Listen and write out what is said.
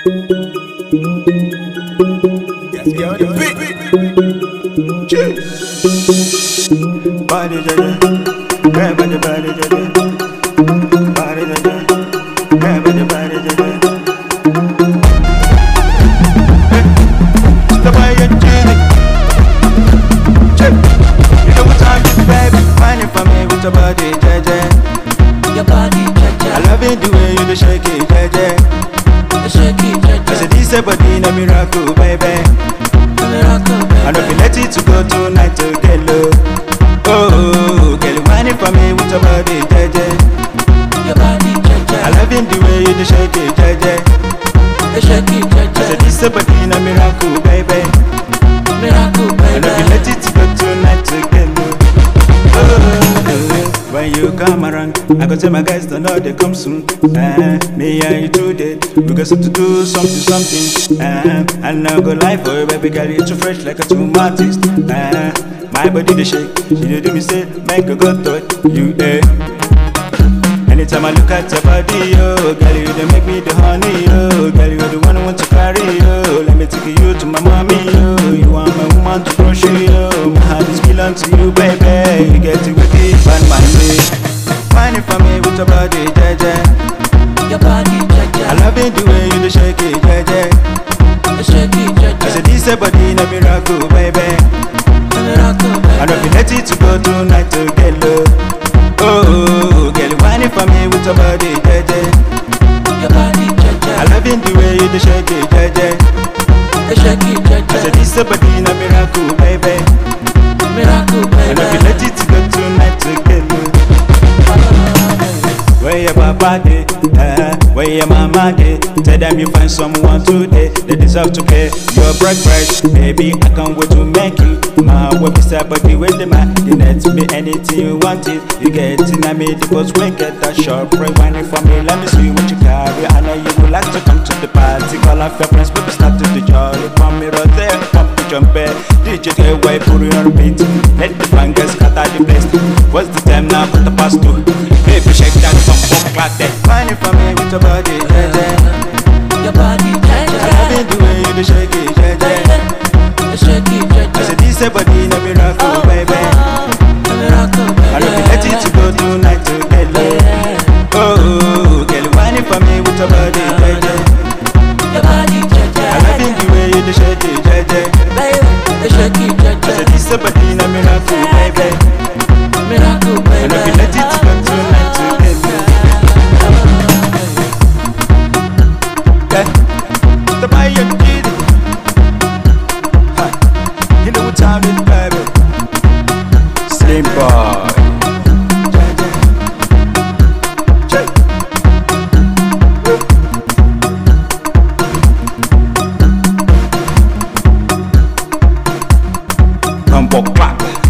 Body body body body Your body, JJ. Your body, I love it the way you shake it, JJ. Shake somebody na miracle baby i don't be let it to go tonight to get low oh girl whining for me with your body JJ? Your body, JJ. i love in the way you dey shake it JJ. i said this is a somebody na miracle baby. when you come around. I go tell my guys don't know they come soon. Uh, me and you today, we got to do something, something. Uh, I now go live for you, baby girl, you too fresh like a tomatis. Uh, eh, my body they shake, you know do me say, make a good thought, you eh. Anytime I look at your body, oh, girl, you they make me the honey, oh, girl, you're the one I want to carry, oh, let me take you to my mommy, oh, you are my woman to crush you. say body na miracle baby i no be ready to go tonight to get low oh girl whine for me with your body Your body, jeje i loving the way you dey shake it jeje i say this say body na miracle baby Miracle, baby. i no be ready to go tonight to get low. Where your papa dey, uh, where your mama dey Tell them you find someone today myself to pay your breakfast. Baby, I can't wait to make it. My way. is up, but the way the man, you need to be anything you want it. You get in a me, the boss will get that short break. for me, let me see what you carry. I know you would like to come to the party. Call off your friends, baby, start to the jolly. From me right there, pump it. jumper. DJ away, put it on beat. Let the bangers scatter the place. What's the time now? the past two. Baby, shake that pump, pump, clap that. Find for me with your body. Yeah. somebody na miracle, baby. Miracle, baby. And i let it come tonight eh, you know time it, baby. Slim bar. and buck back.